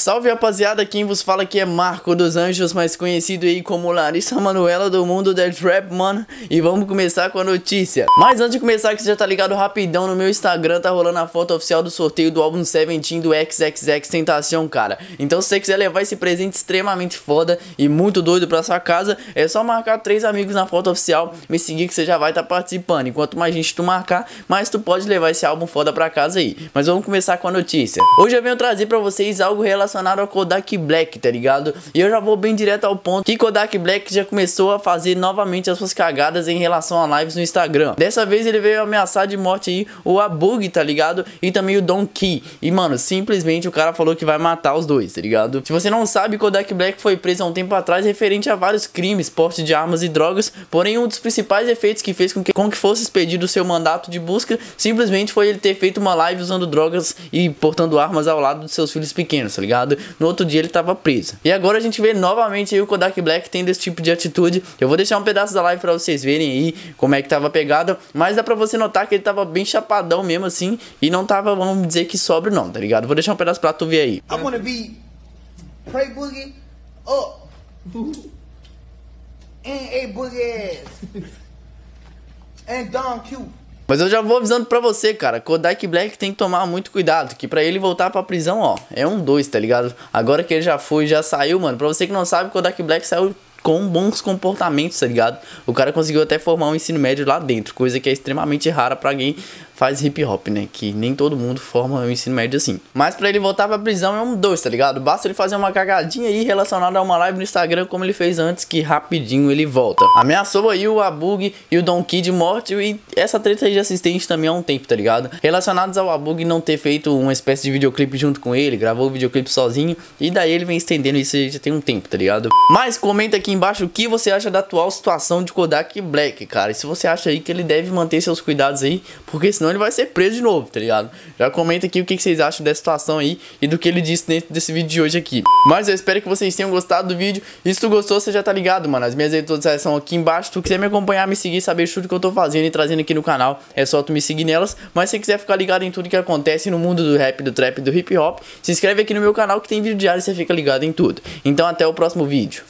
Salve rapaziada, quem vos fala aqui é Marco dos Anjos, mais conhecido aí como Larissa Manuela do mundo da Trap, mano. E vamos começar com a notícia. Mas antes de começar, que você já tá ligado rapidão no meu Instagram, tá rolando a foto oficial do sorteio do álbum Seventeen do XXX Tentação, cara. Então se você quiser levar esse presente extremamente foda e muito doido pra sua casa, é só marcar três amigos na foto oficial, me seguir que você já vai estar tá participando. Enquanto mais gente tu marcar, mais tu pode levar esse álbum foda pra casa aí. Mas vamos começar com a notícia. Hoje eu venho trazer pra vocês algo relacionado relacionado ao Kodak Black, tá ligado? E eu já vou bem direto ao ponto que Kodak Black já começou a fazer novamente as suas cagadas em relação a lives no Instagram. Dessa vez ele veio ameaçar de morte aí o Abug, tá ligado? E também o Don Key. E mano, simplesmente o cara falou que vai matar os dois, tá ligado? Se você não sabe, Kodak Black foi preso há um tempo atrás referente a vários crimes, porte de armas e drogas, porém um dos principais efeitos que fez com que, com que fosse expedido o seu mandato de busca simplesmente foi ele ter feito uma live usando drogas e portando armas ao lado de seus filhos pequenos, tá ligado? no outro dia ele tava preso. E agora a gente vê novamente o Kodak Black tendo esse tipo de atitude. Eu vou deixar um pedaço da live para vocês verem aí como é que tava pegada, mas dá para você notar que ele tava bem chapadão mesmo assim e não tava, vamos dizer que sobre não, tá ligado? Vou deixar um pedaço para tu ver aí. I wanna be Pray Boogie up oh. and A Boogie ass and Don Q. Mas eu já vou avisando pra você, cara. Kodak Black tem que tomar muito cuidado. Que pra ele voltar pra prisão, ó, é um dois, tá ligado? Agora que ele já foi, já saiu, mano. Pra você que não sabe, Kodak Black saiu com bons comportamentos, tá ligado? O cara conseguiu até formar um ensino médio lá dentro, coisa que é extremamente rara para quem faz hip hop, né? Que nem todo mundo forma um ensino médio assim. Mas para ele voltar pra prisão é um dois, tá ligado? Basta ele fazer uma cagadinha aí relacionada a uma live no Instagram, como ele fez antes, que rapidinho ele volta. Ameaçou aí o Abug e o Don Kid de morte e essa treta aí de assistente também há um tempo, tá ligado? Relacionados ao Abug não ter feito uma espécie de videoclipe junto com ele, gravou o videoclipe sozinho e daí ele vem estendendo isso já tem um tempo, tá ligado? Mas comenta aqui aqui embaixo o que você acha da atual situação de Kodak Black, cara. E se você acha aí que ele deve manter seus cuidados aí, porque senão ele vai ser preso de novo, tá ligado? Já comenta aqui o que vocês acham dessa situação aí e do que ele disse dentro desse vídeo de hoje aqui. Mas eu espero que vocês tenham gostado do vídeo. E se tu gostou, você já tá ligado, mano. As minhas redes sociais são aqui embaixo. Se tu quiser me acompanhar, me seguir, saber tudo que eu tô fazendo e trazendo aqui no canal, é só tu me seguir nelas. Mas se quiser ficar ligado em tudo que acontece no mundo do rap, do trap, do hip hop, se inscreve aqui no meu canal que tem vídeo diário e você fica ligado em tudo. Então até o próximo vídeo.